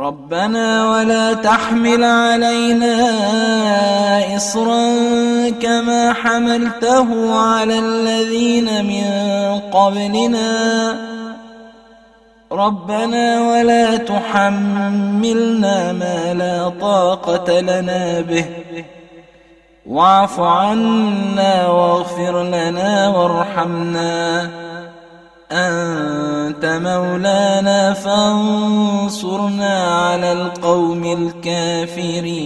ربنا ولا تحمل علينا إصرا كما حملته على الذين من قبلنا ربنا ولا تحملنا ما لا طاقة لنا به واعف عنا واغفر لنا وارحمنا أنت مولانا فانصرنا على القوم الكافرين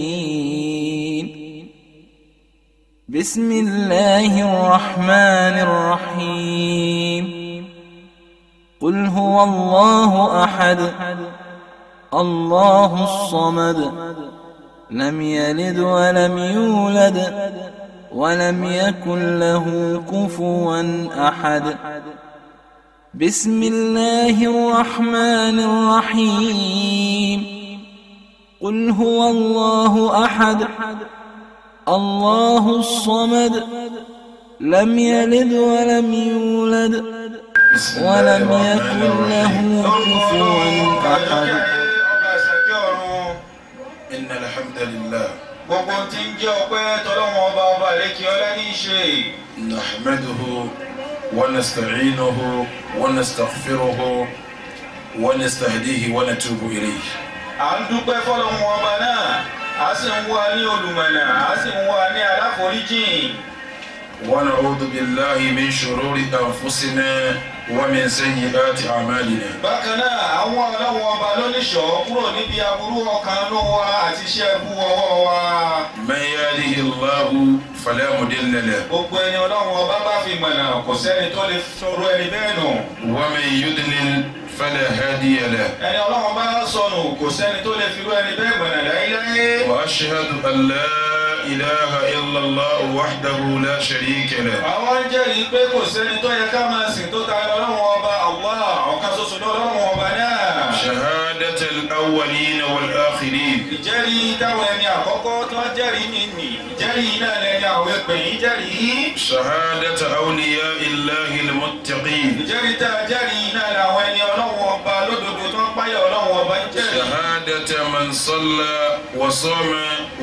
بسم الله الرحمن الرحيم قل هو الله أحد الله الصمد لم يلد ولم يولد ولم يكن له كفوا أحد بسم الله الرحمن الرحيم قل هو الله أحد الله الصمد لم يلد ولم يولد ولم يكن له كفوا أحد إن الحمد لله وقلت إن ń jẹ́ ọpẹ́ tọ́lọ́wọ́n ọba ọba àlékí ونستعينه ونستغفره ونستهديه ونتوب إليه àdúpẹ́ fọlọ́run ọba náà a sì ń wá ní olùmọ̀nà a sì ونعوذ بالله من شرور أنفسنا wa min sayyiati a'malina. bákan náà àwọn ọlọ́run ọba lóníṣọ́ kúrò níbi aburú ọkàn inú wa àti iṣẹ́ ẹ̀kú ọwọ́ wa. man yahdihillahu fala mudilla lahu. gbogbo ẹni ọlọ́run ọba bá fi mọ̀nà kò sẹ́ni tó lè sọ̀rọ̀ ẹni bẹ́ẹ̀ nù. wa man yudlil فلا هادي له يعني الله ما صنو كسان تولى في الوان باب ولا وأشهد أن لا إله إلا الله وحده لا شريك له àwọn jẹ́rìí pé kò sẹ́ni tó yẹ ká máa sìn tó ta ẹ̀rọ ọlọ́run ọba allah ọ̀kan ṣoṣo lọ́rùn ọba náà. شهادة الأولين والآخرين ìjẹ́rìí táwọn ẹni àkọ́kọ́ tó jẹ́rìí mi nì ìjẹ́rìí náà lẹ́ni àwọn ẹgbẹ̀yìn jẹ́rìí. شهادة أولياء الله المتقين. ìjẹ́rìí tá a jẹ́rìí náà làwọn ẹni ọlọ́wọ́ ọba lódodo tó ń páyà ọlọ́wọ́ ọba ń jẹ́rìí. شهادة من صلى وصام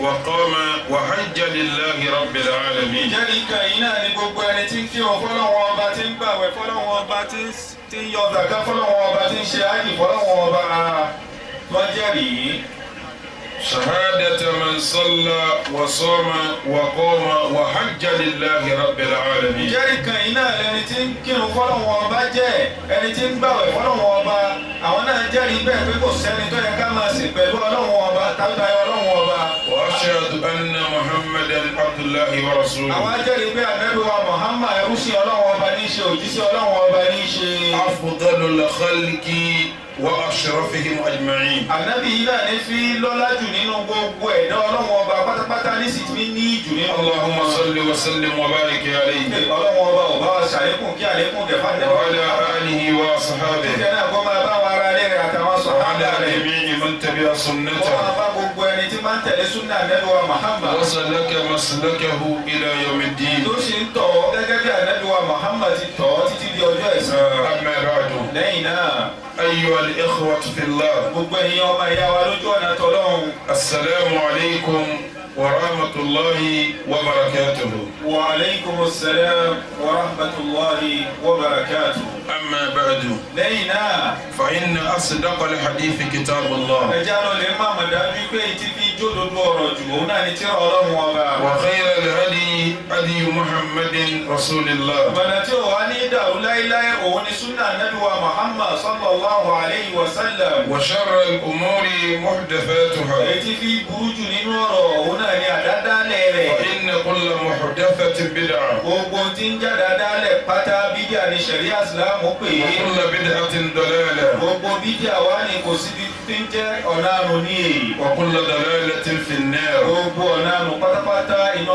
وقام وحج لله رب العالمين. ìjẹ́rìí kan yìí náà ni gbogbo ẹni tí ń kí gbàwẹ̀ fọlọ́wọ́n ọba tí ń yọ zàká fọlọ́wọ́n ọba tí ń ṣe áyì fọlọ́wọ́n ọba wọ́n jẹ́rìí. شهادة من صلى وصام وقام وحج لله رب العالمين. jẹ́rìí kan iná ẹni tí ń kírun fọlọ́wọ́n ọba jẹ́ ẹni tí ń gbàwẹ̀ fọlọ́wọ́n ọba àwọn náà jẹ́rìí bẹ́ẹ̀ pé kò sẹ́ni tó yẹ ká máa muhammadan abdullahi wa rasuluhu. àwọn ajẹ́rìí pé ànábì wa muhammad ẹrú sí ọlọ́run ọba ní í ṣe òjíṣẹ́ ọlọ́run ọba ní í ṣe. afdalul khalqi wa ashrafihim ajma'in. ànábì yìí náà ní fi lọ́lá jù nínú gbogbo ẹ̀dá ọlọ́run ọba pátápátá ní sì fi ní jù nínú. allahumma salli wa sallim wa barik alayhi. ọlọ́run ọba ọba ṣàlékún kí àlékún kẹfà tẹ̀wá. wa ala alihi wa ashabihi. kíkẹ́ náà kọ́ máa bá wa ara rẹ̀ àtàwọn sọ̀rọ̀. ala jami'i man tabi'a sunnatahu gbogbo ẹni tí máa ń tẹ̀lé súnà ànábìwá Muhammad. wọ́n sọ lọ́kẹ́ wọ́n sọ lọ́kẹ́ hu ila yawmid din. tó ṣe ń tọ̀ gẹ́gẹ́ bí ànábìwá Muhammad ti tọ̀ títí di ọjọ́ ẹ̀san. amma ba'du. lẹ́yìn náà. ayyuhal ikhwatu fillah. gbogbo ẹ̀yin ọmọ ìyá wa lójú ọ̀nà tọ́lọ́hún. assalamu wa rahmatulahi wa barakatuhu. wa alaykum assalam wa rahmatulahi wa barakatuhu. أما بعد لينا فإن أصدق الحديث كتاب الله أجعل الإمام دابي بيتي في جلد ورجو نانتر الله وخير الهدي هدي محمد رسول الله بنتي واني دار لا إله واني سنة ندوى محمد صلى الله عليه وسلم وشر الأمور محدثاتها أتي في بوجو نورو وناني أدادا ليري وإن كل محدث gbogbo tí ń jáde dálẹ̀ pátá bídíà ni sẹ̀ríà pè é. ọ̀kúnlẹ̀ bídíà ti ń dọ̀lẹ́lẹ̀. gbogbo bídíà wa ni kò síbi tí ń jẹ́ ọ̀nà ní èyí. ti ń fi nẹ́ẹ̀. gbogbo ọ̀nà pátápátá iná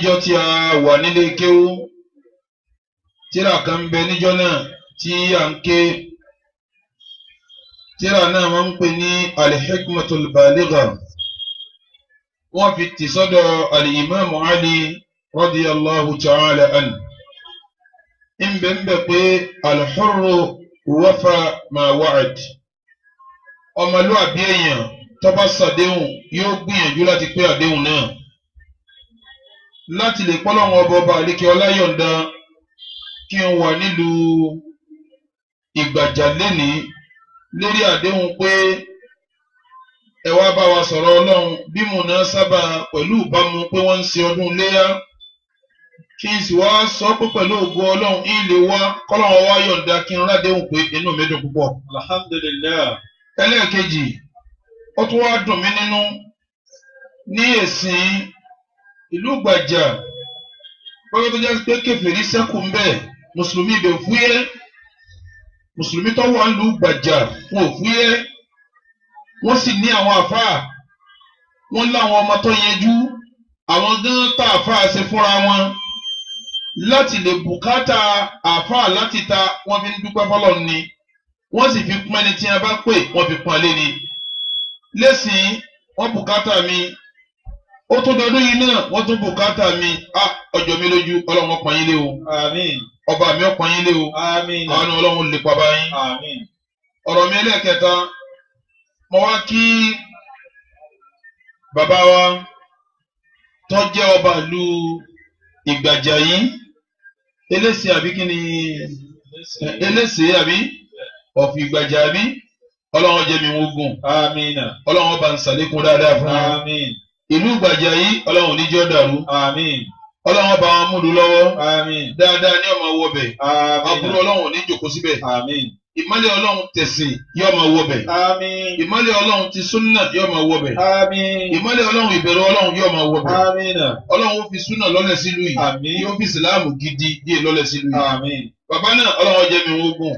ìyá tí a wà nílé kéwú tíra kan ń bẹ níjọ́ náà tí à ń ké tíra náà wọ́n ń pè ní alihikmatul baligha wọ́n fi tì sọ́dọ̀ alimami ali radiyallahu ta'ala an ń bẹ ń bẹ pé alihurru wafa ma wa'ad ọmọlúwàbí èèyàn tó bá yóò gbìyànjú láti pé àdéhùn náà láti lè pọ́lọ́wọ́n ọba ọba ọláyọ̀ǹda kí n wà nílùú Ìgbàjà lénìí lórí àdéhùn pé ẹ wá bá wa sọ̀rọ̀ Ọlọ́run bí mò ń sábà pẹ̀lú ìbámu pé wọ́n ń ṣe ọdún iléyà kí n sì wá sọ pé pẹ̀lú ògùn Ọlọ́run ilé wa kọ́lọ́run wá yọ̀ǹda kí n rádéhùn pé inú mi dùn púpọ̀. ẹlẹ́ẹ̀kejì ó tún wá dùn mí nínú ní èsìn ìlú Ìgbàjà pé kèfèrí sẹ́kù ń bẹ́ẹ̀ mùsùlùmí ibẹ̀ fúyẹ́ mùsùlùmí tó wà ń lu gbàjà wọn ò fúyẹ́ wọ́n sì ní àwọn àfáà wọ́n láwọn ọmọ tó yẹjú àwọn gán tá àfáà ṣe fúnra wọn láti lè bùkátà àfáà láti ta wọ́n fi ń dúpẹ́ fọlọ́ ni wọ́n sì fi pọ́n ẹni tí a bá pè wọ́n fi pọ́n lé ni lẹ́sìn wọ́n bùkátà mi ó tún dọdún yìí náà wọ́n tún bùkátà mi ah, ọjọ́ mi lójú ọlọ́mọ pọ́n yín lé o. Àmín ọba mi ọkàn yín lé o àánú ọlọ́run lè pa bá yín ọ̀rọ̀ mi ẹlẹ́ẹ̀kẹta mo wá kí bàbá wa tó jẹ́ ọba ìlú Ìgbàjàyí elése àbí kí ni elése àbí ọ̀fù Ìgbàjà àbí ọlọ́run jẹ́ mi wọ́n gùn ọlọ́run ọba ń ṣàlékún dáadáa fún mi ìlú Ìgbàjàyí ọlọ́run níjọ́ dàrú ọlọ́run bá wọn múlu lọ́wọ́ dáadáa ní ọmọ wọ bẹ̀ aburú ọlọ́run ò ní jòkó síbẹ̀ ìmọ́lẹ̀ ọlọ́run tẹ̀sìn yóò máa wọ bẹ̀ ìmọ́lẹ̀ ọlọ́run ti súnà yóò máa wọ bẹ̀ ìmọ́lẹ̀ ọlọ́run ìbẹ̀rù ọlọ́run yóò máa wọ bẹ̀ ọlọ́run ó fi súnà lọ́lẹ̀ sílùú yìí yóò fi ìsìláàmù gidi díẹ̀ lọ́lẹ̀ sílùú yìí bàbá náà ọlọ́run jẹ́ mi wọ́n gùn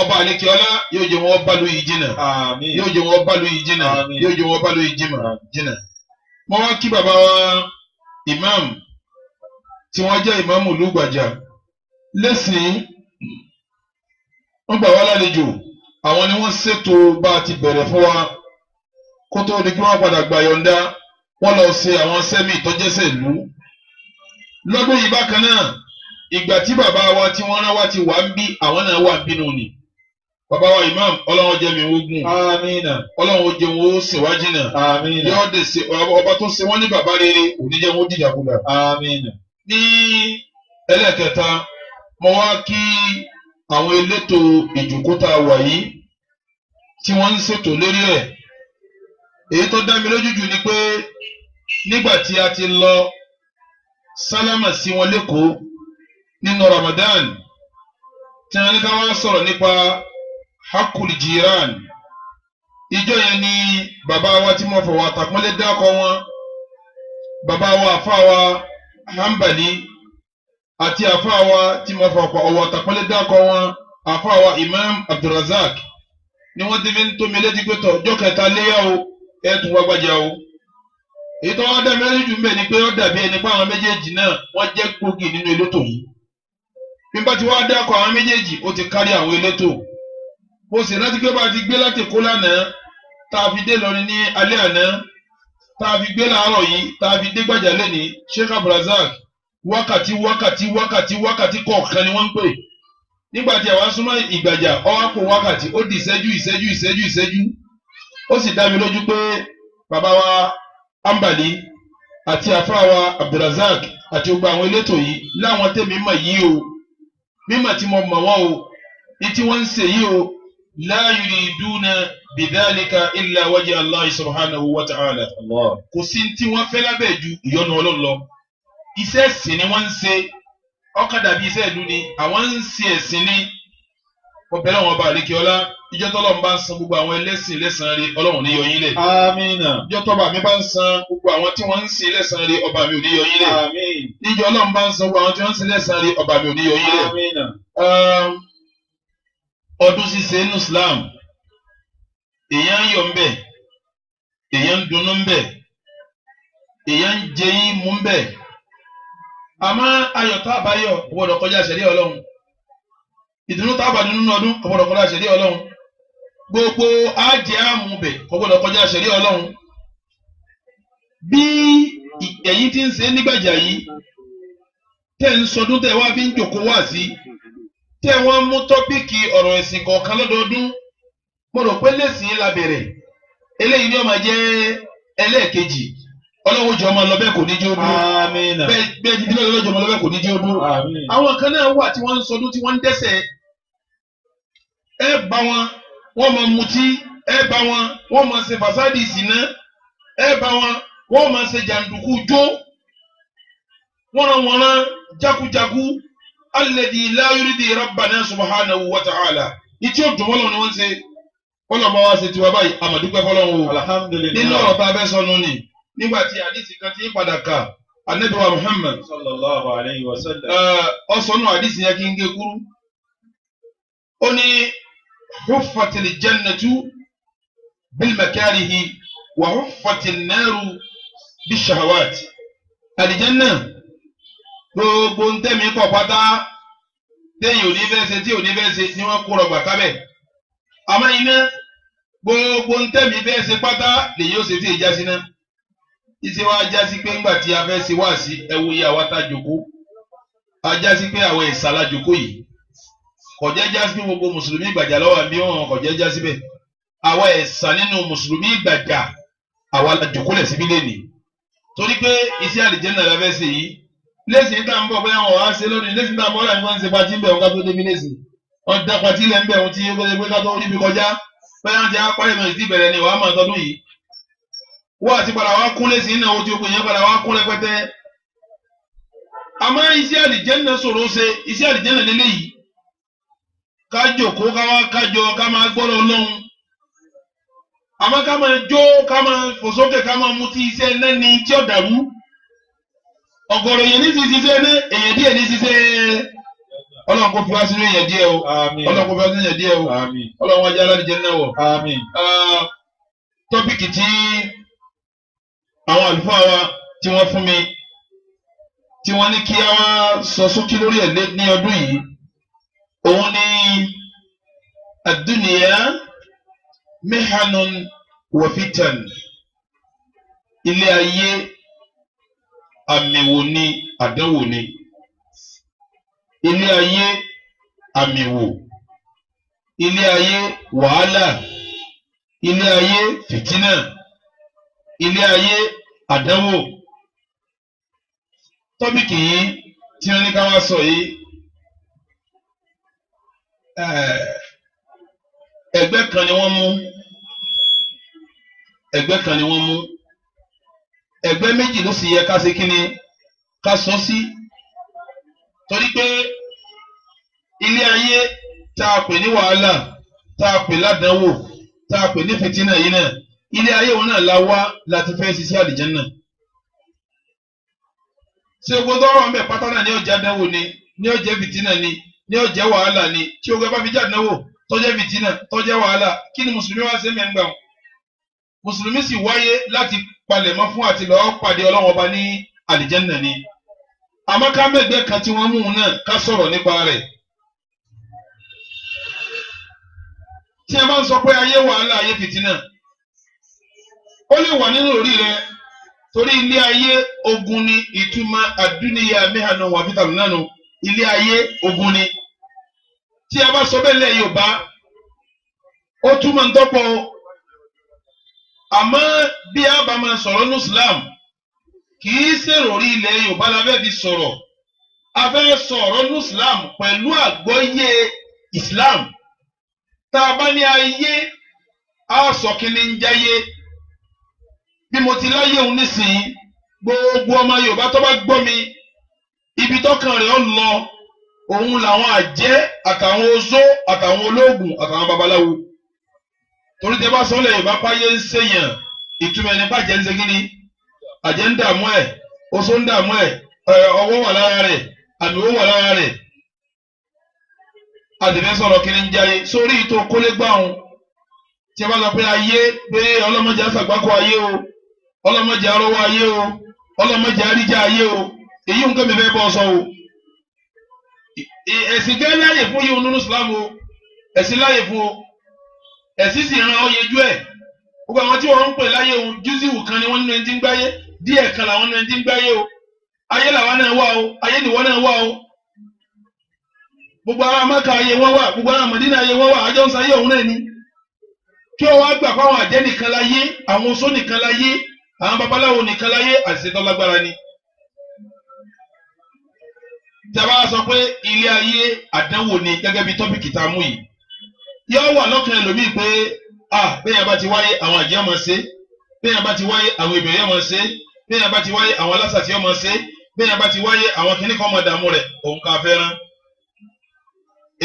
ọba àlekíọ́lá yóò jẹ́ wọn bá lóyè jìnnà yóò jẹ́ wọn bá lóyè jìnnà yóò jẹ́ wọn bá lóyè jìnnà mo wá kí bàbá wa imam tí wọ́n jẹ́ imam Olúgbàjà lẹ́sìn ń gbà wá lálejò àwọn ni wọ́n ṣètò bá a ti bẹ̀rẹ̀ fún wa kó tó di pé wọ́n padà gbà yọ̀ǹda wọ́n lọ ṣe àwọn sẹ́mi ìtọ́jẹ́sẹ̀ ìlú lọ́dún bákan náà ìgbà tí bàbá wa tí wọ́n rán wá ti wà ń bí àwọn náà wà bínú ni. Bàbá wa imam ọlọ́run jẹ́ mi ogun. Amina. Ọlọ́run jẹ́ wọn ó sìn wá jìnnà. Amina. Yóò dé se ọba tó ṣe wọ́n ní bàbá rere kò ní jẹ́ wọn ó dìdàkudà. Amina. Ní ẹlẹ́kẹta, mo wá kí àwọn elétò ìjòkóta wà yìí tí wọ́n ń ṣètò lórí ẹ̀. Èyí tó dá mi lójú jù ni pé nígbà tí a ti lọ sálámà sí wọn lẹ́kọ̀ọ́ nínú Ramadan tí wọ́n ní ká wá sọ̀rọ̀ nípa hakuli jiran ìjọ yẹn ni bàbá wa tí mo fọwọ́ àtàkùnlé dákọ̀ wọn bàbá wa àfa wa hambali àti àfa wa tí mo fọwọ́ àtàkùnlé dákọ̀ wọn àfa imam abdulrasaq ni wọ́n ti fi ń tómi létí pé tọ̀ ọjọ́ kẹta léyà o ẹ̀ tún wá gbájà o èyí tó wá dá mi lójú mbẹ ni pé ó dàbí ẹni pé àwọn méjèèjì náà wọ́n jẹ́ gbòógì nínú elétò yìí bí n bá ti wá dákọ̀ àwọn méjèèjì ó ti kárí àwọn elétò yìí mo sì rántí pé bá a ti gbé láti Èkó lánàá tá a fi dé lọrin ní alẹ́ àná tá a fi gbé láàárọ̀ yìí tá a fi dé gbàjà lẹ́nìí Sheikh Abdulrasaq wákàtí wákàtí wákàtí wákàtí kọ̀ọ̀kan ni wọ́n ń pè nígbà tí àwa súnmọ́ ìgbàjà ọwọ́ kò wákàtí ó di ìṣẹ́jú ìṣẹ́jú ìṣẹ́jú ìṣẹ́jú ó sì dá mi lójú pé bàbá wa Ambali àti àfa wa Abdulrasaq àti gbogbo àwọn elétò yìí láwọn tèmi mọ̀ yìí o mímọ̀ tí mo mọ̀ wọ́n o ní tí wọ́n ń ṣe yìí o la yuriduna bidhalika illa wajha allah subhanahu wa ta'ala kò sí tí wọ́n fẹ́ lábẹ́ ju ìyọ́nú ọlọ́run lọ iṣẹ́ ẹ̀sìn ni wọ́n ń ṣe ọkàn dàbí iṣẹ́ ìlú ni àwọn ń ṣe ẹ̀sìn ni ọbẹ̀ làwọn ọba àríkíọ́lá ìjọ tọ́lọ̀ ń bá ń san gbogbo àwọn ẹlẹ́sìn lẹ́sàn-án rẹ̀ ọlọ́run ní yọyín lẹ̀. àmín. ìjọ tọ́ba mi bá ń san gbogbo àwọn tí wọ́n ń sin lẹ́sàn-án ọba mi ò ní yọyín lẹ̀. àmín. ìjọ ọlọ́run bá ń san gbogbo àwọn tí wọ́n ń sin lẹ́sàn-án ọba mi ò ní yọyín lẹ̀. àmín ọdún ṣíṣe nínú Islam èèyàn ń yọ̀ ńbẹ̀ èèyàn ń dunnú ńbẹ̀ èèyàn ń jẹyìn mú ńbẹ̀ àmọ́ ayọ̀ tá a bá yọ̀ gbọ́dọ̀ kọjá ṣẹ̀rí ọlọ́run ìdùnnú tá a bá dùn nínú ọdún gbọ́dọ̀ kọjá ṣẹ̀rí ọlọ́run gbogbo àjẹ́ àmúbẹ̀ gbọ́dọ̀ kọjá ṣẹ̀rí ọlọ́run bí ẹ̀yin ti ń ṣe nígbàjà yìí tẹ̀ ń sọdún tẹ̀ wá fi ń jòkó wá sí i tí ẹ wọ́n mú tọ́píìkì ọ̀rọ̀ ẹ̀sìn kọ̀ọ̀kan lọ́dọọdún mo rò pé lẹ́sìn la bẹ̀rẹ̀ eléyìí ni ó máa jẹ́ ẹlẹ́ẹ̀kejì ọlọ́wọ́ jọ ọmọ lọ́bẹ̀ kò ní jẹ́ odú bẹ́ẹ̀ ni bílẹ̀ ọlọ́jọ́ ọmọ lọ́bẹ̀ kò ní jẹ́ odú àwọn kan náà wà tí wọ́n ń sọdún tí wọ́n ń dẹ́sẹ̀ ẹ bá wọn wọ́n máa mutí ẹ bá wọn wọ́n máa se fàsádì ìsìná ẹ bá wọn wọ́n máa ṣe jàǹdùkú jó wọ́n ràn wọ́n rán jákujáku alladhi la yuridi rabbana subhanahu wa ta'ala ìtí ó dùn wọ́lọ́ ni wọ́n ṣe ọlọ́ba wa ṣe tiwa báyìí àmọ̀dúpẹ́ fọlọ́run o alhamdulillah nínú ọ̀rọ̀ tá a fẹ́ sọnù ni nígbà tí àdìsí kan ti ń padà kà anabi wa sallallahu alayhi wa sallam ọsọnù àdìsí yẹn kí n gé kúrú ó ní huffatil jannatu bil wa huffatil naru bishahawat àdìjẹ́ gbogbo ń tẹ̀mí kọ̀ pátá téèyàn ò ní fẹ́ ṣe tí ò fẹ́ ṣe ni wọ́n kó rọgbà kábẹ̀ àmọ́ iná gbogbo ń tẹ̀mí fẹ́ ṣe pátá lèyí ó ṣe tí ìjà sí náà ìṣe wa já pé ńgbà tí a fẹ́ ṣe wá sí ẹwu yìí àwa tá jòkó a já sí pé àwọn ìsàlá jòkó yìí kọjá já sí pé gbogbo mùsùlùmí gbàjà lọ́wọ́ àbí wọn kọjá já síbẹ̀ àwa ẹ̀sà nínú mùsùlùmí gbàjà àwa la jòkó lẹ̀ síbí lẹ́nìí torí pé iṣẹ́ àlìjẹ́nà la fẹ́ ṣe yìí lẹ́sìn tá ń bọ̀ bóyá wọn á ṣe lónìí lẹ́sìn tá ń bọ̀ ọ̀rẹ́ ni wọ́n ń ṣe patí bẹ̀ wọn ká tó débi lẹ́sìn wọn ti dá patí lẹ̀ ń bẹ̀ wọn ti yé pé ká tó rí bí kọjá bóyá ti apá ìmọ̀ ìdí bẹ̀rẹ̀ ni wàá máa tọdún yìí wọ́n àti padà wá kún lẹ́sìn náà ojú okùn yẹn padà wá kún rẹpẹtẹ. àmọ́ iṣẹ́ àlìjẹ́nà ṣòro ṣe iṣẹ́ àlìjẹ́nà lélẹ́yìí ká jòkó ká wá kájọ ká máa gbọ́dọ̀ Ọlọ́run àmọ́ ká máa jó ká máa fòsókè ká máa mutí iṣẹ́ lẹ́ni tí ó dàrú ọ̀gọ̀rọ̀ yẹn ní ti ṣiṣẹ́ ní èyàn díẹ̀ ní ṣiṣẹ́ ọlọ́run kò fi wá sínú èyàn díẹ̀ o ọlọ́run kò wá sínú èyàn díẹ̀ o ọlọ́run ajá aládìjẹ náà wọ̀ ah, tọ́pìkì tí àwọn àlùfáà wa tí wọ́n fún mi tí wọ́n ní kí a wá sọ sókè lórí ẹ̀ ní ọdún yìí òun ni àdúnìyà mihanun wa ilé ayé àmì wo ni àdánwò ni ilé ayé àmì wò ilé ayé wàhálà ilé ayé fìtínà ilé ayé àdánwò tọ́bìkì yìí tí wọ́n ní ká wá sọ yìí ẹgbẹ́ kan ni wọ́n mú ẹgbẹ́ kan ni wọ́n mú ẹgbẹ́ méjì ló sì yẹ ká ṣe kí ni ká sọ sí torí pé ilé ayé tá a pè ní wàhálà tá a pè ládánwò tá a pè ní fìtínà yìí náà ilé ayé òun náà la wá láti fẹ́ ṣiṣẹ́ àlìjẹ́nà ṣé gbogbo dọ́rọ̀ ń bẹ̀ pátá ní ọjà dánwò ni ní ọjà fìtínà ni ní ọjà wàhálà ni tí o gbẹ bá fi jáde náwó tọ́jẹ́ fìtínà tọ́jẹ́ wàhálà kí ni mùsùlùmí wá sí mẹ́ngbà wọn mùsùlùmí sì wáyé láti palẹ̀mọ́ fún àti lọ́ọ́ pàdé ọlọ́run ọba ní àlìjẹ́nà ni àmọ́ ká mẹ́gbẹ́ kan tí wọ́n mú un náà ká sọ̀rọ̀ nípa rẹ̀ tí a máa ń sọ pé ayé wàhálà ayé fìtínà ó lè wà nínú orí rẹ torí ilé ayé ogun ni ìtumọ̀ àdúnìyà mẹ́hànú wà fìtà lónà nù ilé ayé ogun ni tí a bá sọ bẹ́ẹ̀ lẹ́yìn ò bá ó túmọ̀ ń tọ́pọ̀ o àmọ́ bí a bá máa sọ̀rọ̀ ní Islam kì í ṣèròrí ilẹ̀ Yorùbá la fẹ́ fi sọ̀rọ̀ a fẹ́ sọ̀rọ̀ ní Islam pẹ̀lú àgbọ́yé Islam tá a bá ní ayé a sọ kíni ń jáyé bí mo ti láyé òun nísìnyí gbogbo ọmọ Yorùbá tó bá gbọ́ mi ibi tọkàn rẹ̀ ọ lọ òun làwọn àjẹ́ àtàwọn oṣó àtàwọn olóògùn àtàwọn babaláwo torí tẹ bá sọ lẹ yorùbá páyé ń sèyàn ìtumọ̀ ẹni bàjẹ́ ń segin ni àjẹ́ ń dààmú ẹ̀ oṣó ń dààmú ẹ̀ ọwọ́ wà lára rẹ̀ àmì ó wà lára rẹ̀ àtẹ̀fẹ́ sọ̀rọ̀ kiri ń jayé sórí ìtò kólégbáhùn tí a bá sọ pé ayé pé ọlọ́mọdé àṣàgbákò ayé o ọlọ́mọdé arọ́wọ́ ayé o ọlọ́mọdé àríjà ayé o èyí nǹkan mi fẹ́ bọ́ sọ o ẹ̀sìn gẹ́gẹ́ láàyè fún yìí onínú Islam ẹ̀sìn láàyè fún o ẹ̀sìn sì ran oyejú ẹ̀ gbogbo àwọn tí wọ́n ń pè láyé òun júzìwù kan ni wọ́n nínú ẹni tí ń gbáyé díẹ̀ kan làwọn nínú ẹni tí ń gbáyé o ayé làwọn náà wà o ayé nìwọ náà wà o gbogbo ará maka ayé wọn wà gbogbo ará Mádínà ayé wọn wà àjọ ń sayé òun náà ni kí ọ wá gbà fáwọn àjẹ́ nìkan láyé àwọn oṣó nìkan láyé àwọn babaláwo nìkan láyé àṣetọ́ lágbára ni tí a bá sọ pé ilé ayé àdánwò ni gẹ́gẹ́ bí tọ́pìkì yọ wà lọ́kàn ẹlòmíì pé ah bẹ́ẹ̀ bá ti wáyé àwọn àjẹ́ máa ṣe bẹ́ẹ̀ bá ti wáyé àwọn ìbẹ̀rẹ̀ máa ṣe bẹ́ẹ̀ bá ti wáyé àwọn alásàtì máa ṣe bẹ́ẹ̀ bá ti wáyé àwọn kìnnì kan máa dààmú rẹ̀ òun ká fẹ́ràn.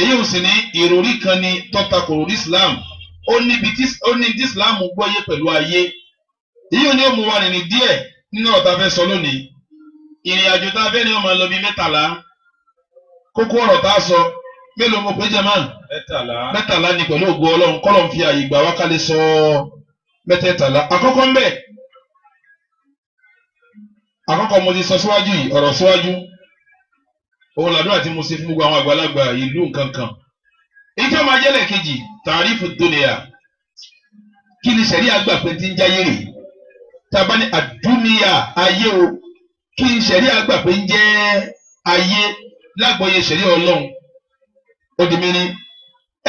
èyí ò sì ní ìròrí kan ni tọ́ta kòrò ní Islam ó níbi tí ó ní tí Islam gbọ́yé pẹ̀lú ayé èyí ò ní ó mú wa rìnrìn díẹ̀ nínú ọ̀tá fẹ́ sọ lónìí ìrìn àjò tá a fẹ́ ni ọmọ lọ bíi mẹ́tàlá kókó ọ̀rọ̀ tá a sọ mélòó mo pé jàmá mẹ́tàlá ni pẹ̀lú ògo ọlọ́run kọ́lọ̀ ń fi àyè gbà wá kálí sọ mẹ́tẹ̀ẹ̀tàlá àkọ́kọ́ ń bẹ̀ àkọ́kọ́ mo ti sọ síwájú yìí ọ̀rọ̀ síwájú òun làdúrà tí mo ṣe fún gbogbo àwọn àgbàlagbà ìlú nkankan ìjọ máa jẹ́lẹ̀ kejì tàrífù dúnìyà kí ni sẹ̀rí àgbà pé ti ń jáyé rè tàbá ní àdúnìyà ayé o kí ni sẹ̀rí àgbà pé ń jẹ́ ayé lágbọ́yé sẹ̀rí ọlọ́run odimini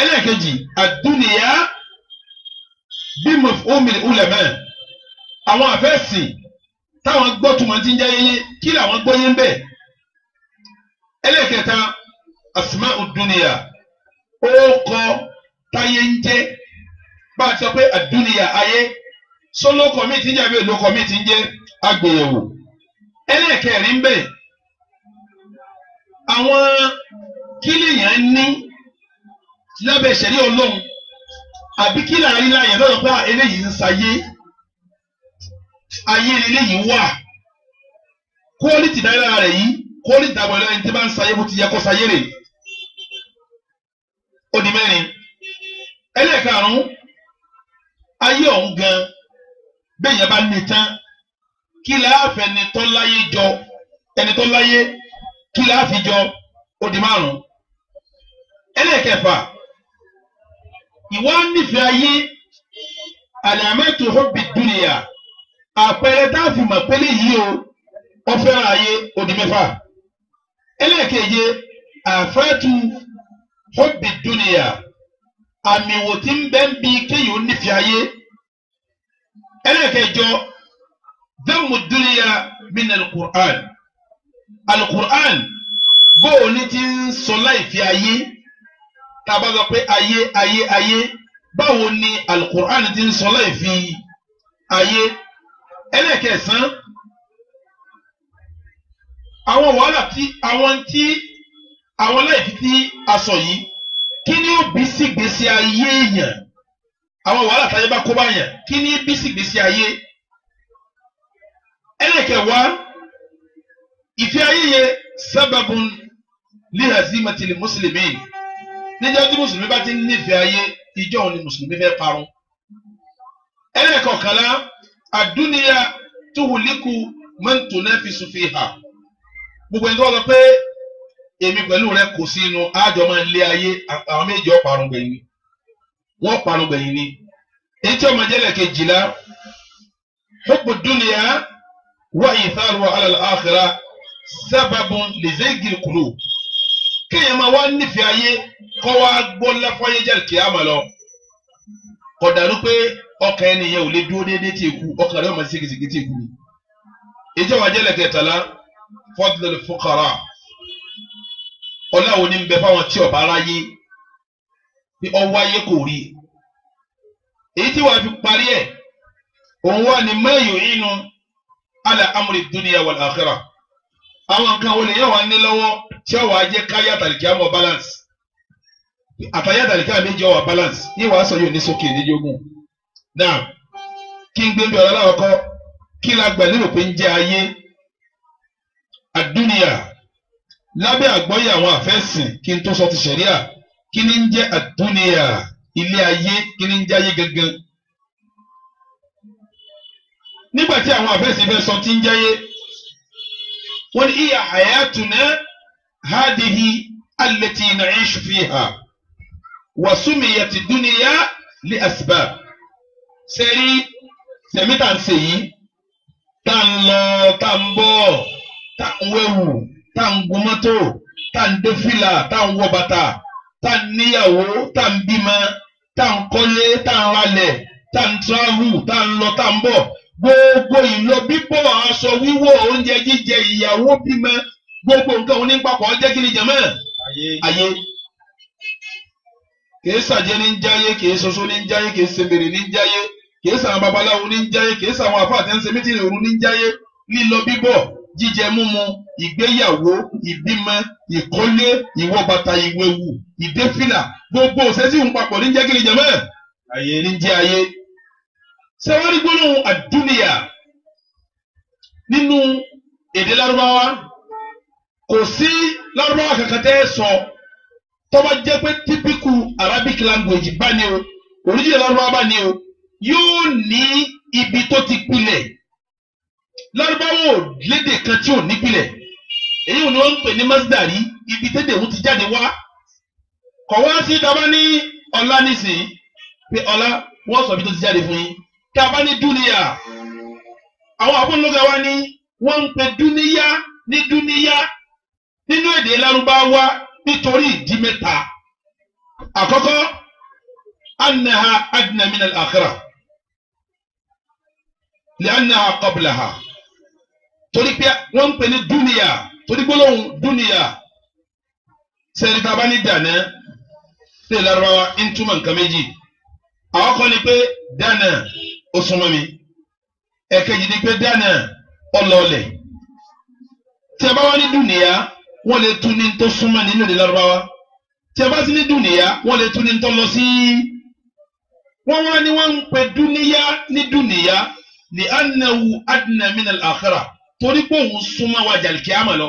ẹlẹ́ẹ̀kejì àdúnìyá bí mọ̀fómìnì ulẹ̀mẹ́ àwọn àfẹ́sìn táwọn gbọ́ túmọ̀ ti ń jẹ́ yẹyẹ kí làwọn gbọ́ yẹn bẹ́ẹ̀ ẹlẹ́ẹ̀kẹta asima odúnìyá ó kọ táyé ń jẹ́ bá a ti sọ pé àdúnìyá ayé sọlọ́kọ̀ mi ti ń jẹ́ àbí olókọ̀ mi ti ń jẹ́ agbèyẹ̀wò ẹlẹ́ẹ̀kẹrin bẹ́ẹ̀ àwọn kí lèèyàn ní lábẹ́ ìṣẹ̀lẹ̀ ọlọ́run àbí kí láàrin láàyè lọ́dọ̀ pé ah, eléyìí ń sayé ayé eléyìí wà kóòlìtì dáadáa rẹ̀ yìí kóòlìtì dàgbà lọ́wọ́ ẹni tí bá ń sayé bó ti yẹ kó sayé rẹ̀ ó di mẹ́rin ẹlẹ́ẹ̀karùn-ún ayé ọ̀hún gan bẹ́ẹ̀ yẹn bá ní tán kí láàfẹ́ ẹni tó láyé jọ ẹni tó láyé kí láàfi jọ ó di márùn-ún ẹlẹ́kẹfà ìwà nífẹ̀ẹ́ ayé àlàmẹ́tò hóbi dúnìyà àpẹẹrẹ táàfin mọ̀pẹ́lẹ́ yìí o ọ̀fẹ́ ayé odi mẹ́fà ẹlẹ́keje àfẹ́tù hóbi dúnìyà àmì wò tí ń bẹ́ ń bi kéyìí ó nífẹ̀ẹ́ ayé ẹlẹ́kẹjọ dẹ́mu dúnìyà min alukur'an alukur'an bóòlù ti ń sọ láì fi ayé tá a bá sọ pé ayé ayé ayé báwo ni alukur'an ti ń sọ láì fi ayé ẹlẹ́kẹ̀sán àwọn wàhálà tí àwọn tí àwọn láìfi tí a sọ yìí kí ni ó bí sí gbèsè ayé èèyàn àwọn wàhálà táyé bá kó bá yàn kí ni bí sí ayé ẹlẹ́kẹ̀wá ìfẹ́ ayé yẹ sábàbùn líhàzí màtìlì níjọ́ tí mùsùlùmí bá ti ń nífẹ̀ẹ́ ayé ìjọ òun ni mùsùlùmí fẹ́ parun. ẹlẹ́ẹ̀kọ̀kànlá àdúnìyà túwùlíkù mọ́ntòlẹ́fìsù fi hà gbogbo ẹni tó sọ pé èmi pẹ̀lú rẹ kò sí inú àjọ máa ń lé ayé àwọn méjì ó parun gbẹ̀yìn wọ́n parun gbẹ̀yìn ni èyí tí ọmọ jẹ́lẹ̀ kejìlá hubbu dúnìyà wà ìtàrù alàlà sábàbùn lè zẹ́gìrì kúrò kéèyàn máa wá nífẹ̀ẹ́ ayé kọ́ wá gbọ́lá fọ́yé jẹ́ kí á mọ̀ lọ. kọ̀dàrú pé ọkàn ẹnìyẹn ò lè dúró déédéé tí èkú ọkàn rẹ̀ ọmọ ṣégeṣége tí èkú ni. ìjọba jẹ́lẹ̀ kẹtàlá fadlul fuqara ọláwo ni ń bẹ fáwọn tí ọba aráyé pé ọwọ́ ayé kò rí èyí tí wàá fi parí ẹ̀ òun wà ní mẹ́yìn inú ala amri dunya wal akhirah àwọn nǹkan olè yẹn wà ní lọ́wọ́ tí ọwọ́ ajẹ́ káyà tàlìkì àmọ́ balance àtàyà àtàlíkà méjì ọwà balance yíwá aṣọ yóò ní sókè ní yogun now kí n gbé bí ọ̀rọ̀ láwọn kọ́ kí la gbà lérò pé ń jẹ́ ayé àdúnìyà lábẹ́ àgbọ́yé àwọn àfẹ́sìn kí n tó sọ ti ṣẹ̀ríà kí ni ń jẹ́ àdúnìyà ilé ayé kí ni ń jẹ́ ayé gangan nígbà tí àwọn àfẹ́sìn fẹ́ sọ ti ń jẹ́yé wọ́n ní ìyá àyàtúná hádìhí allati na'ishu fiha wàsúmìyà ti dúnìyà lé àsìbà sẹ́rí sẹ̀mí tà ń sè yìí tá ń lọ tá ń bọ̀ tá ń wẹ̀wù tá ń gun mọ́tò tá ń dé fìlà tá ń wọ bàtà tá ń níyàwó tá ń bímọ tá ń kọ́lé tá ń ralẹ̀ tá ń tíráhù tá ń lọ tá ń bọ̀ gbogbo ìlọ bíbọ̀ aṣọ wíwọ̀ oúnjẹ jíjẹ ìyàwó bímọ gbogbo nǹkan onípapọ̀ jẹ́ kí ni jẹ̀mọ́ àyè kìí sàjẹ́ ní ń jáyé kìí ṣoṣo ní ń jáyé kìí ṣèbèrè ní ń jáyé kìí sàwọn babaláwo ní ń jáyé kìí sàwọn àfáà tẹ́ ń ṣe mítìrì òru ní ń jáyé lílọ bíbọ̀ jíjẹ múmu ìgbéyàwó ìbímọ ìkọ́lé ìwọ bàtà ìwéwu ìdéfìlà gbogbo òṣèṣì ń papọ̀ ní jẹ́ kiri jẹ́mẹ́ ayé ní jẹ́ ayé sẹ́wọ́nì gbólóhùn àdúnìyà nínú èdè lárúbáwá kò sí lárúbáwá kankan tẹ́ sọ. So tọ́ba jẹ́ pé typical Arabic language bá ní o orílẹ̀ lárúbáwá bá ní o yóò ní ibi tó ti pilẹ̀ lárúbáwá ò lédè kan tí ò ní pilẹ̀ èyí ò ní wọ́n ń pè ní masdari ibi tẹ́lẹ̀ òun ti jáde wá kọ̀ wá sí tọ́ba ní ọ̀la nísìnyí pé ọ̀la wọ́n sọ ibi tó ti jáde fún yín tọ́ba ní dúníyà àwọn àbúrò wa ní wọ́n ń pè dúníyà ní dúníyà nínú èdè lárúbáwá nítorí ìdí mẹ́ta àkọ́kọ́ annaha adna min al-akhirah li annaha qablaha torí pé wọ́n ń pè ní dúnìyà torí gbólóhùn dúnìyà sẹ́ni tá a bá ní dànù ní ìlàrúbáwá ń nǹkan méjì àwọn kan pé dànù ó súnmọ́ mi ẹ̀kejì ní pé dànù ọlọ́ọ̀lẹ̀ tí a bá wá ní dúnìyà wọ́n lè tún ní tó súnmọ́ nínú ìdílé lárúbáwá tí a bá sì ní dùnìyà wọ́n lè tún ní tó lọ sí. wọ́n wá ní wọ́n ń pè dúníyà ní dùnìyà ní anáwó adìnnà àkàrà torí pé òun súnmọ́ wa jàlìkìyàmà lọ.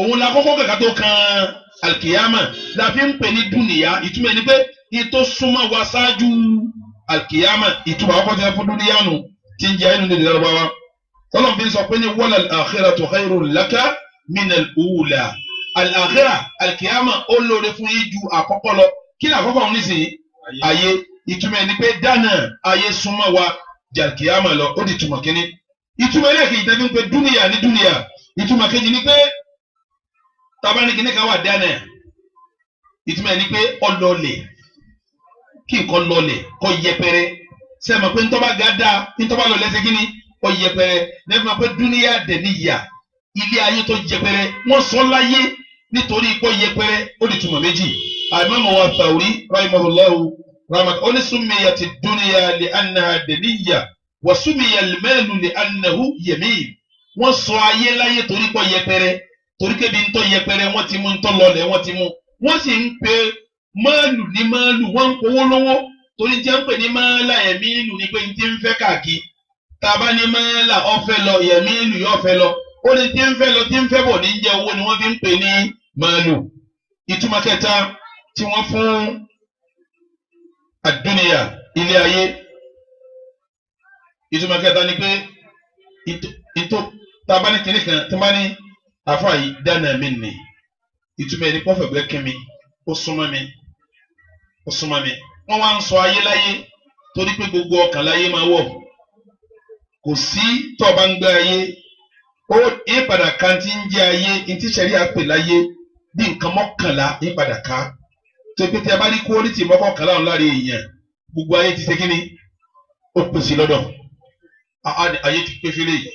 òun la kọ́kọ́ kàkà tó kan àlìkìyàmà la ń pè ní dùnìyà ìtumọ̀ ẹni pé ìtò súnmọ́ wa ṣáájú àlìkìyàmà ìtumọ̀ àkọ́kọ́ ti fún dúníyà nù tí ń jẹ́ inú ìdílé lárúbáwá. tọ́lọ̀ fi sọ pé ní wọ́lá àkàrà tó minal ula al-akhira al-kiyama ó lóore fún yín ju àkọ́kọ́ lọ kí ni àkọ́kọ́ òun nísìnyí ayé ìtumọ̀ ẹni pé dáná ayé súnmọ́ wa jàkìyàmà lọ ó di ìtumọ̀ kínní ìtumọ̀ ẹlẹ́ẹ̀kejì tẹ́lẹ̀ ń pe dúnìyà ní dúnìyà ìtumọ̀ kejì ni pé tabaniki ní ká wà dáná ìtumọ̀ ẹni pé ọlọ́ọ̀lẹ̀ kí nǹkan lọlẹ̀ kọ́ yẹpẹrẹ sẹ́mi pé ntọ́ba gàdá ntọ́ba lọlẹ̀ ṣe kínní kọ́ yẹpẹrẹ lẹ́fìmọ̀ pé dúnìyà dẹ̀ ilé ayé tó jẹpẹrẹ wọ́n sọ láyé nítorí ipò yẹpẹrẹ ó lè túmọ̀ méjì àmọ́ wa Thawri rahimahullahu rahmat onísùnmíyàtì dúnìyà lè anaha dẹ̀níyà wàsùnmíyà lẹ́mẹ́lù lè anahu yamin wọ́n sọ ayé láyé torí ipò yẹpẹrẹ torí kébi ńtọ́ yẹpẹrẹ wọ́n ti mú ńtọ́ lọlẹ̀ wọ́n ti mú wọ́n sì ń pe máàlù ní máàlù wọ́n ń kówó lọ́wọ́ torí jẹ́ ń pè ní máàlà ẹ̀mí ìlú ni pé ń ti ń fẹ́ káàkiri tàbá ní máàlà ọ̀fẹ́ lọ ẹ̀mí ìlú yóò fẹ́ lọ ó lè tí ń fẹ́ lọ tí ń fẹ́ bọ̀ ní jẹ́ owó ni wọ́n fi ń pè ní màálù ìtumọ̀ kẹta tí wọ́n fún àdúnìyà ilé ayé ìtumọ̀ kẹta ni pé ìtò tabani kìnìún kan tabani afa yìí dáná mi nì ìtumọ̀ ẹni pọ́fẹ̀ gbẹ́ kẹ́mi ó súnmọ́ mi ó súnmọ́ mi wọ́n wá ń sọ ayé láyé torí pé gbogbo ọkàn láyé máa wọ̀ kò sí tọ́ọ̀ bá ń gbé ayé ó ìpadà kan ti ń jẹ́ ayé ntí sẹ́rí àpè láyé bí nǹkan mọ́kànlá ìpadà ká tó pé tí a bá rí kúólítì mọ́kànlá ọ̀hún lára èèyàn gbogbo ayé ti ṣe ni ó pèsè lọ́dọ̀ ayé ti pé fílẹ̀ yìí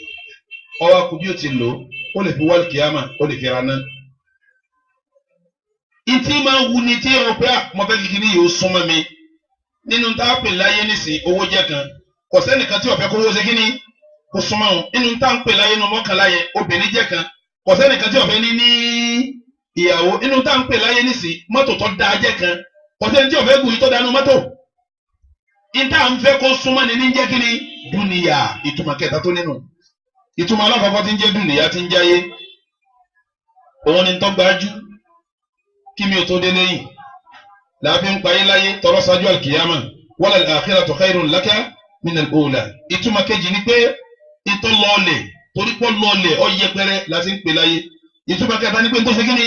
ọwọ́ akú bí ó ti lò ó lè fi wọ́ọ̀lù kìámà ó lè fi ra náà. Ìtí máa ń wu ni tí ẹ̀rọ pé mo fẹ́ kí kíní súnmọ́ mi nínú táàpì láyé nísìnyí owó jẹ́ kan kò tí ó fẹ́ kówó ṣe kíní kò súnmọ́ òun nínú tá à ń pè láyé nu mọ́kànlá yẹn obìnrin jẹ́ kan kò sẹ́nìkan tí ọ̀fẹ́ ní ní ìyàwó nínú tá à ń pè láyé nísìn mọ́tò tó da jẹ́ kan kò sẹ́ni tí ọ̀fẹ́ gùn yìí tó danú mọ́tò níta à ń fẹ́ kó súnmọ́ ni ní jẹ́ kí ni dúnìyà ìtumọ̀ kẹta tó nínú ìtumọ̀ alákọ̀ọ́kọ́ ti ń jẹ́ dúnìyà ti ń jáyé òun ni tó gbájú kí mi ò tó dé lẹ́yìn làbí ń payé láyé tọrọ ṣáájú àlùkìyàmà wal akhiratu khairun laka min al-ula ìtumọ̀ kejì ni pé ètò lọọlẹ̀ torí pọ̀ lọọlẹ̀ ọ̀yẹpẹrẹ la ti ń pè láyé ìtumọ̀ kẹta ni pé tó ṣe kí ni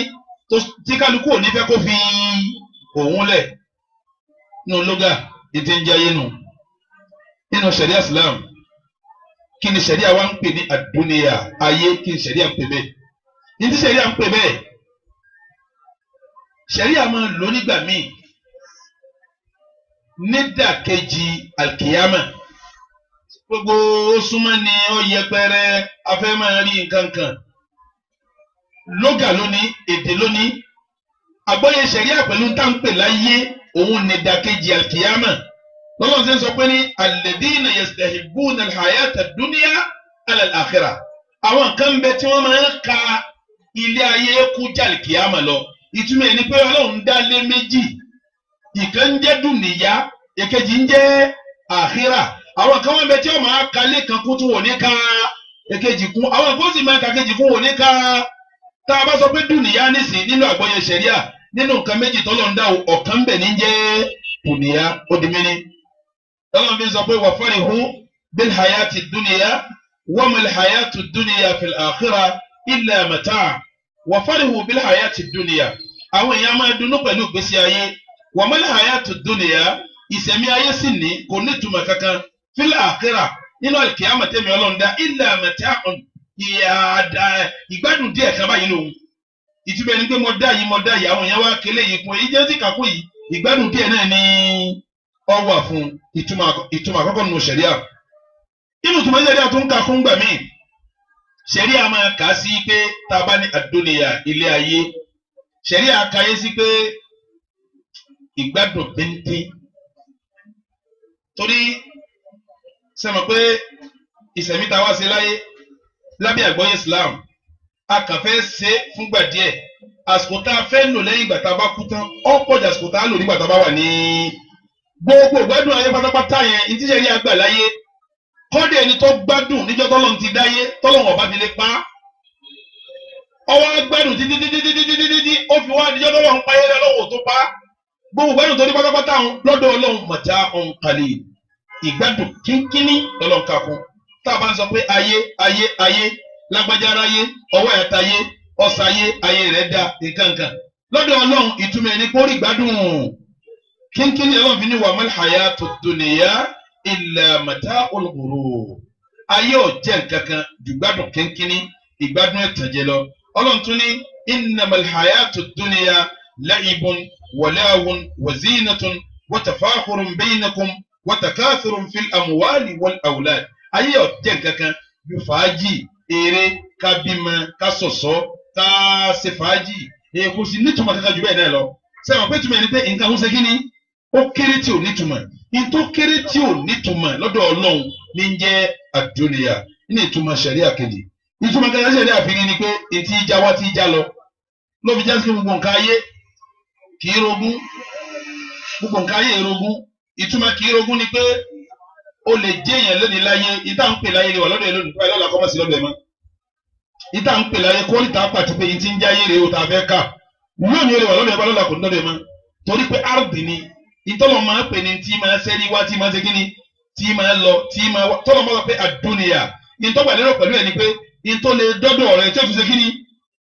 tí kálukú ò ní fẹ́ kó fi òun lẹ̀ nínú lóga ètè ń jayé nù nínú sẹ̀ríà Islam kí ni sẹ̀ríà wa ń pè ní àdúnìyà ayé kí ni sẹ̀ríà ń pè bẹ́ẹ̀ ní ti sẹ̀ríà ń pè bẹ́ẹ̀ sẹ̀ríà máa ń lò nígbà míì nídàkejì alkiyama gbogbo súnmọ́ ni ó yẹpẹrẹ afẹ́ máa rí nǹkan kan lóga lónìí èdè lónìí àgbọ́yé sẹ̀ríà pẹ̀lú táǹpẹ̀ láyé òun ní dàkejì alkiyama lọ́wọ́ sẹ́ ń sọ pé ní alladina yastahibuna alhayata dunya ala alakhirah àwọn nǹkan bẹ tí wọ́n máa ń ka ilé ayé kú jàlkiyama lọ ìtumọ̀ ẹni pé ọlọ́run dá lé méjì ìkan ń jẹ́ èkejì ń jẹ́ àkírà àwọn kan wọn bẹ tí wọn máa ka lẹ́ẹ̀kan kún tún wọ̀ ní ká èkejì kún àwọn kan sì máa ka kejì kún wọ̀ ní ká tá a bá sọ pé dùnìyá nísìn nínú àgbọ̀yẹ sẹ̀ríà nínú nǹkan méjì tọ́lọ̀ ń dá o ọ̀kan ń bẹ̀ ní jẹ́ dùnìyá ó di mí ní. tọ́lọ̀ fi sọ pé wà fọ́nì hu bil hayati dùnìyá wọ́mọ̀ hayati dùnìyá fil akhira illa mataa wà fọ́nì hu bil hayati dùnìyá àwọn èèyàn máa dunnú pẹ̀lú ìgbésí ayé wọ́mọ̀ hayati dùnìyá ìsẹ̀mí ayé sì ní kò ní ìtumọ̀ kankan fílà akira nínú àkíyàmọ̀ tẹ̀mí ọlọ́run dá ilẹ̀ àmẹ̀tẹ́ àkùn ìyàdá ìgbádùn díẹ̀ kan báyìí lòun ìtumọ̀ ẹni pé mo dá yìí mo dá yìí àwọn èèyàn wá kélé yìí fún èyí jẹ́ ti kàkó yìí ìgbádùn díẹ̀ náà ni ọ wà fún ìtumọ̀ àkọ́kọ́ nínú sẹ̀ríà inú ìtumọ̀ sẹ̀ríà tó ń ka fún gbà míì sẹ̀ríà máa kà á sí pé tá a bá ní ilé ayé sẹ̀ríà kà á sí pé ìgbádùn bíntín torí sẹ́mi pé ìsẹ̀mí tá a wá sí láyé lábẹ́ àgbọ́yé Islam a kàn fẹ́ ṣe fúngbà díẹ̀ àsìkò tá a fẹ́ lò lẹ́yìn ìgbà tá a bá kú tán ọ̀pọ̀ jù àsìkò tá a lò nígbà tá a bá wà ní gbogbo gbádùn ayé pátápátá yẹn ní tíṣẹ́ rí àgbà láyé kọ́dẹ̀ ẹni tó gbádùn níjọ́ tọ́lọ́n ti dáyé tọ́lọ́n ọ̀bá fi lè pa á ọwọ́ gbádùn títí títí títí títí títí ó fi wá níjọ́ tọ́lọ́n pa ayé lọ́wọ́ tó pa á gbogbo gbádùn tó ní pátápátá lọ́dọ̀ Ọlọ́run mọ̀tá ọ̀hún ìgbádùn kínkínní lọ́lọ́ka fún tá a bá ń sọ pé ayé ayé ayé lágbájára ayé ọwọ́ ẹ̀ta ayé ọ̀sà ayé ayé rẹ̀ da nǹkankan lọ́dọ̀ ọlọ́run ìtumọ̀ ẹni kórì gbádùn kínkínní ọlọ́run fi ní wa mal hayatud dunya illa mata'ul ghurur ayé ọ̀jẹ̀ nǹkankan ju gbádùn kínkínní ìgbádùn ẹ̀tànjẹ lọ ọlọ́run tún ní innamal hayatud dunya la'ibun wa lahun wa zinatun wa tafakhurun wàtàkàtúrùn fi àmúwálì wal àwùlád ayé ọ̀jẹ̀ kankan bí fàájì eré kábímọ kásọ̀sọ́ tá a ṣe fàájì èkó sí nítumọ̀ kankan jù bẹ́ẹ̀ náà lọ sẹ́wọ̀n pé túmọ̀ ẹni pé nǹkan ń ṣe kí ni ó kéré tí ò nítumọ̀ ní tó kéré tí ò nítumọ̀ lọ́dọ̀ ọlọ́run ní ń jẹ́ àdúnyà ní ìtumọ̀ sẹ̀ríà kejì ìtumọ̀ kẹta sẹ̀ríà fi ni pé etí ìjà wá ti ìjà lọ ló fi já sí gbogbo nǹkan ayé kì í rogún gbogbo nǹkan ayé rogún ìtumọ̀ kì í rogún ni pé o lè jẹ́ èèyàn lónìí láyé ìta ń pè láyé rẹ wà lọ́dọ̀ ẹ lónìí báyìí lọ́la kọ́mọ̀sí lọ́dọ̀ ẹ mọ́ ìta ń pè láyé kọ́lìtà pàtó pé ìtì ń jáyé rẹ o ta fẹ́ kà lónìí rẹ wà lọ́dọ̀ ẹ bá lọ́la kò ní lọ́dọ̀ ẹ mọ́ torí pé árdì ni ìtọ́lọ̀ máa pè ní tí máa sẹ́rí wá tí máa segin ni tí máa lọ tí máa wá tọ́lọ̀ máa pè àdúnìyà ìtọ́gbà pẹ̀lú ẹ̀ ni pé ìtọ́ lè dọ́dọ̀ rẹ tí ó tún segin ni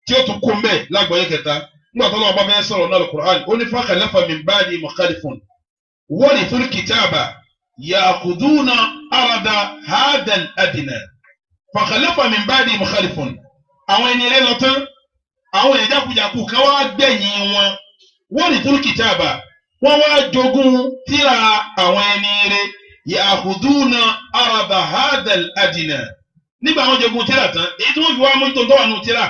tí ó tún kó mbẹ́ lágbọ̀ọ́yẹ kẹta nígbà tọ́lọ̀ ọba fẹ́ sọ̀rọ̀ náà lọ́kùnrin ó ní fákàlẹ́fà min ba'di mukhalifun ورثوا الكتاب يأخذون أرض هذا الأدنى فخلف من بعدهم خلف àwọn ẹni rẹ lọ tán àwọn ẹ̀yà jákujàku kan wá gbẹ̀yìn wọn ورثوا الكتاب wọ́n wá jogún tíra àwọn ẹni rẹ يأخذون أرض هذا الأدنى nígbà àwọn jogún tíra tán èyí tí wọ́n fi wá mójútó tó wà tíra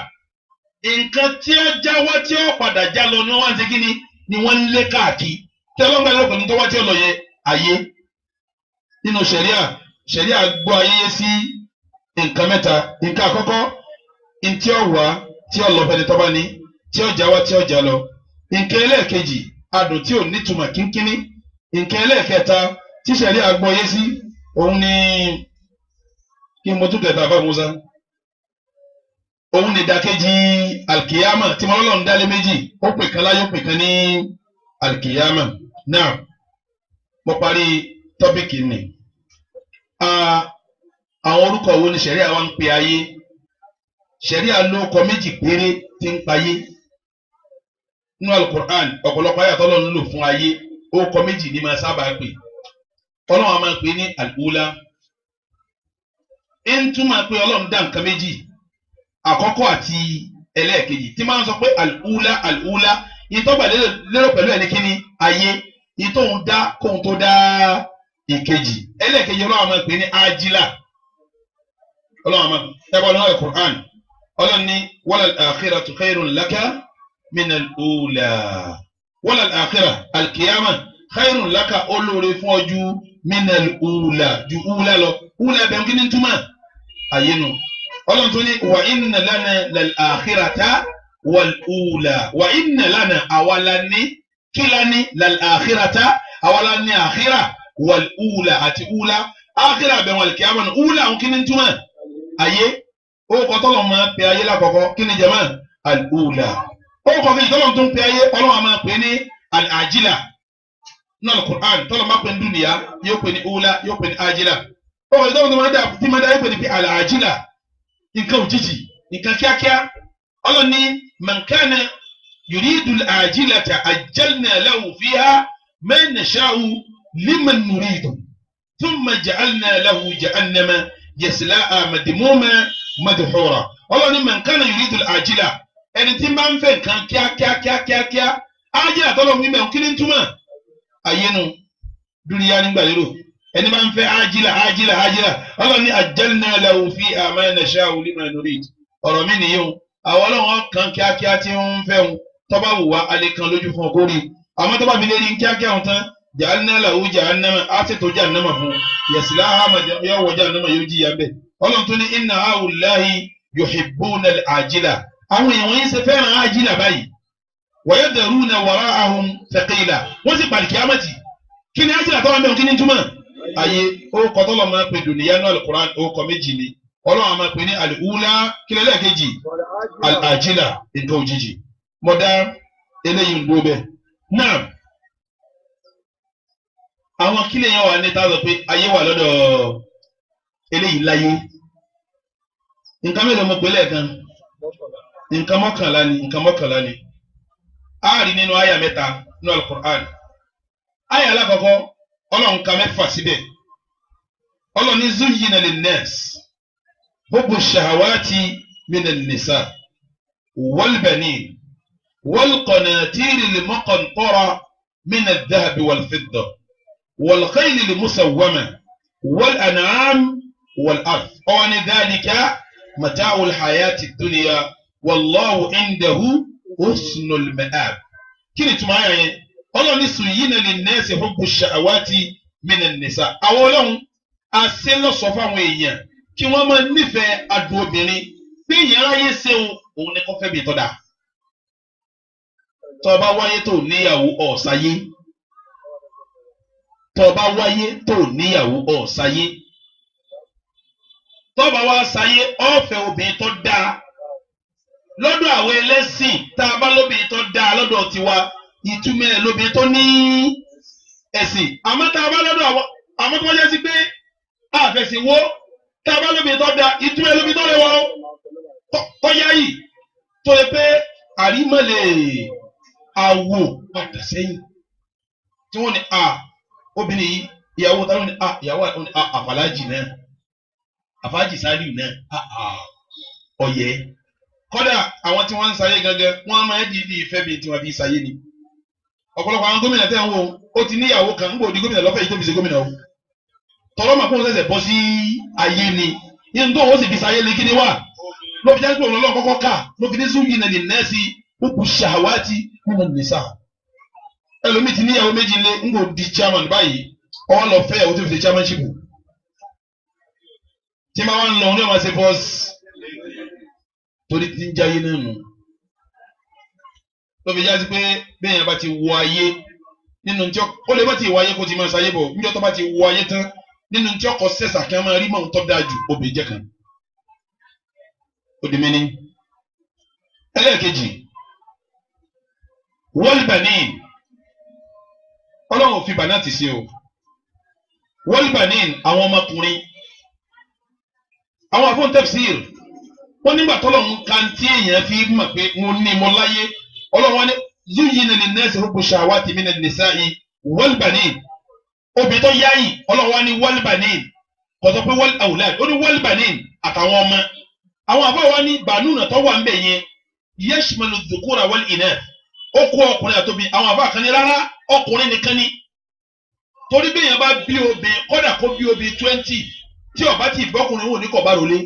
nǹkan tí ó já wá tí ó padà já lọ ni wọ́n wá kí ni ni wọ́n ń lé káàkiri tẹ́lọ́gbà yóò pẹ̀lú tó wá tí ó lọ yẹ ayé nínú sẹ̀ríà sẹ̀ríà gbọ́ ayé yẹ sí nǹkan mẹ́ta nǹkan àkọ́kọ́ ntí ó wá tí ó lọ fẹ́ni tọ́ba ní tí ó já wá tí ó lọ nǹkan ẹlẹ́ẹ̀kejì adùn tí ò nítumọ̀ kínkínní nǹkan ẹlẹ́ẹ̀kẹta tí sẹ̀ríà gbọ́ ayé sí òun ni kí n mọ́tò tẹ̀ tàbá musa òun ni ìdàkejì alkiyama tí mọ́lọ́lọ́ ń dálé méjì ó pè kan láyé ó pè kan ní alikiyama náà mo parí tọ́pìkì ni àwọn orúkọ wo ni sẹ̀ríà wa ń pe ayé sẹ̀ríà ló kọ méjì péré tí ń payé nínú alukur'an ọ̀pọ̀lọpọ̀ ayàtọ̀ lọ́nà lò fún ayé ó kọ méjì ní máa sábà pè ọlọ́run a máa pè ní àlùkùlá ń túmọ̀ pé ọlọ́run dá nǹkan méjì àkọ́kọ́ àti ẹlẹ́ẹ̀kejì tí máa ń sọ pé àlùkùlá àlùkùlá ìtọ́gbà lérò pẹ̀lú ẹni kí ni ayé ìtòhun dá kóhun tó dá ìkejì ẹlẹ́ẹ̀kejì ọlọ́run máa pè ní ajílà ọlọ́run máa ẹ bọ́ lọ́wọ́ Al-Qur'an ọlọ́run ní wal-akhiratu khayrun laka minal ula wal-akhirah al-qiyamah khayrun laka olóore fún ọ ju minal ula ju ula lọ ula bẹ̀rù kí ni túmọ̀ ayé nu ọlọ́run tó ní wa inna lana lal-akhirata wàlúùlà wà ìnà lánà àwa la ní kí la ní làlàáhírata àwa la ní àhírà wàlúùlà àti ùlà àhírà bẹ̀ wọn kì í àmọ́ ùlà àwọn kí ni túmọ̀ ayé ó kọ́ tọ́lọ̀ máa pe ayé lákọ̀ọ́kọ́ kí ni jẹ́mọ́ àlùùlà ó kọ́ kí ni tọ́lọ̀ tún pe ayé ọlọ́wọ́ máa pe ní àjìlà náà Al-Qur'an tọ́lọ̀ máa pe ní dúnìyà yóò pe ní ùlà yóò pe ní àjìlà ó kọ́ kí tọ́lọ̀ tún máa dá tí máa dá pe ní àjìlà nǹkan òjijì nǹkan kíákíá ọlọ́ni mọ̀nkánà yuridu àjílàtà àjálnà lahu fiha mẹ́nàṣáhu liman nuridu thumma ja'alna lahu jahannama yẹsìlá àmàdìmọ́mà madhura ọlọ́ni mọ̀nkánà yuridu àjílà ẹni tí máa ń fẹ́ nǹkan kíákíákíákíá ajé àtọ́lọ́ mímẹ́ kí ni túmọ̀ ayé nu dúníyà nígbà lérò ẹni máa ń fẹ́ ajílà ajílà ajílà ọlọ́ni àjálnà lahu fiha mẹ́nàṣáhu liman nuridu ọ̀rọ̀ mi nìyẹn o àwọn ọlọ́wọ́n kan kíákíá tí ń fẹ́ wọn tọ́ba wù wá alẹ́ kan lójú fún ọkọ rí àmọ́ tọ́ba mi lérí kíákíá wọn tán jàánà làwọn jàánà á sì tó jàánà mà fún yẹsìlá àmà yọ wọ jàánà mà yóò jìyà bẹ́ẹ̀ ọlọ́run tó ní iná àwùláhi yuhibbuna àjìlá àwọn èèyàn wọ́n yín ṣe fẹ́ràn àjìlá báyìí wọ́yẹ dẹ̀rú na wàrà ahùn fẹ̀kẹ́yìlá wọ́n sì pàlìkì àmàtì kí ni àjìlá tọ́wọ́ mẹ́wọ̀n kí ni túmọ̀ ayé ó kọ́tọ́lọ́ máa ń pè dùnìyàn náà Al-Qur'an ó kọ́ méjì ni ọlọ́run máa pè ní àlùhùlá kílẹ̀lẹ́ kejì àjìlá nǹkan òjijì mo dá eléyìí ń dúró bẹ́ẹ̀ náà àwọn kílẹ̀ yẹn wà ní táwọn pé ayé wà lọ́dọ̀ eléyìí láyé nǹkan mélòó mo pè lẹ́ẹ̀kan nǹkan mọ́kànlá ni nǹkan mọ́kànlá ni a rí nínú àyà mẹ́ta nínú alukur'an àyà alákọ̀ọ́kọ́ ọlọ́run ka mẹ́fà síbẹ̀ ọlọ́run ní zuyi na lè nẹ́ẹ̀sì. حب الشهوات من النساء والبنين والقناطير المقنطرة من الذهب والفضة والخيل المسومة والأنعام والأرض وعن ذلك متاع الحياة الدنيا والله عنده حسن المآب كنت معي يعني الله yẹn للناس حب الشهوات من النساء أولا shahawati صفا nisa kí wọ́n máa nífẹ̀ẹ́ adùn obìnrin bí èèyàn ráyè ṣeun òun ni kò fẹ́ bí tọ́da tọba wáyé tó níyàwó ọ̀sáyé tọba wáyé tó níyàwó ọ̀sáyé tọba wá sáyé ọ̀fẹ́ obìnrin tó dáa lọ́dọ̀ àwọn ẹlẹ́sìn tá a bá lóbìnrin tó dáa lọ́dọ̀ tiwa ìtumọ̀ lóbìnrin tó ní ẹ̀sìn àmọ́ tá a bá lọ́dọ̀ àwọn àmọ́ tó wáyé sí pé àfẹ̀sìnwó tábà lómi tó da ìtura lómi tó lè wọ kọjá yìí tó yẹ pé àrímọ̀lẹ̀ àwò padà sẹ́yìn tí wọ́n ní a obìnrin yìí ìyàwó táwọn ní a ìyàwó àwọn ní a àfàlájì náà àfàlájì sáré náà a a ọ̀yẹ́ kọ́dà àwọn tí wọ́n ń sáyé gangan wọ́n máa ń dìídì ìfẹ́ bíi tiwọn bíi sáyé ni ọ̀pọ̀lọpọ̀ àwọn gómìnà tẹ̀ ń wo ó ti níyàwó kan ń gbòdì gómìnà lọ́fẹ̀ẹ́ yìí tó fi ṣe gómìnà o tọ́lọ́mà kó ń ṣẹ̀ṣẹ̀ bọ́ sí ayé ni yín tó o sì fi sáyé lè kí ni wá ló fi jẹ́ pé òun lọ́ọ́ kọ́kọ́ kà ló fi ní zúwì náà ní nẹ́ẹ̀sì òkú ṣàwátì nínú nìsà ẹlòmíì ti níyàwó méjì lé ń kò di chairman báyìí ọ lọ fẹ́ ìyàwó tó fi di chairmanship tí máa wá ń lọ òun náà máa ṣe bọ́ọ̀sì torí ti ń jáyé náà nù ló fi já sí pé bẹ́ẹ̀ yẹn bá ti wọ ayé nínú tí ó lè bá ti wọ ayé kó ti máa ṣayé bọ̀ níjọ́ tó bá ti wọ ayé tán nínú tí ọkọ̀ sẹ́sà kí a máa rí mọ̀ ń tọ́ dáa ju obì jẹ́ kan òdìmí ni ẹlẹ́ẹ̀kejì wọ́lbàní ọlọ́run òfin bàná ti ṣe o wọ́lbàní àwọn ọmọkùnrin àwọn afọ́ntẹ́fsìr wọ́n nígbà tọ́lọ̀ ń ka tí èèyàn fi mọ̀ pé mo ní mo láyé ọlọ́run wọn ni yíyí ni nẹ́ẹ̀sì rúkú ṣàwátì mi ní nìsáyì wọ́lbàní obì tó yáyì ọlọ́wọ́ ni wọ́lìbànín kọ́tọ́ pé wọ́lì àwùláì ó ní wọ́lìbànín àtàwọn ọmọ àwọn àbáwá ní bànúnà tó wà ń bẹ̀ yẹn yẹ́sùmọ̀lù dùkúrà wọ́lì ìnà ó kó ọkùnrin àtòbí àwọn àbá kan ní rárá ọkùnrin nìkan ni torí bí èèyàn bá bí obì kọ́dà kó bí obì twenty tí ọba ti bọ́kùnrin wò ní kọ̀ bá rọlé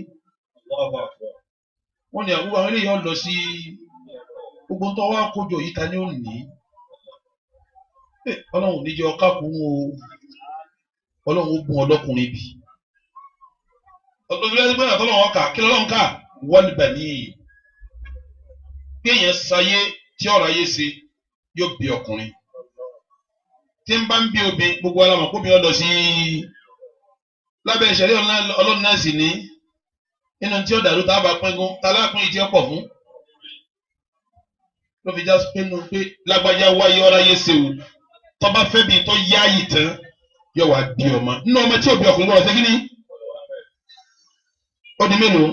wọ́n ní àwùwá wọn eléyìí lọ sí gbogbo tó wá kójọ yìí ta ni ó nì í ọlọ́run níjọ kákùn ó ọlọ́run ó gun ọlọ́kùnrin bì ọlọ́run ẹgbẹ́ náà tọ́lọ́run ọkà kí lọ́lọ́run kà wọ́n bẹ̀ níyì kéèyàn sayé tí ọ̀rọ̀ ayé ṣe yóò bí ọkùnrin tí ń bá ń bí obìnrin gbogbo ara mọ̀ kóbi ọ̀dọ̀ sí i lábẹ́ ìṣẹ̀lẹ̀ ọlọ́run náà sì ní nínú tí ó dàrú tá a bá pínkún tá a lápín ìtí ọ̀pọ̀ fún ló fi já sí pé lágbájá wáyé ọ̀rọ̀ ayé ṣe o tọ́ba fẹ́ bí tó yáàyè tán yóò wá bí ọmọ nínú ọmọ tí òbí ọkùnrin gbọ́dọ̀ ṣe kí ni ó di mélòó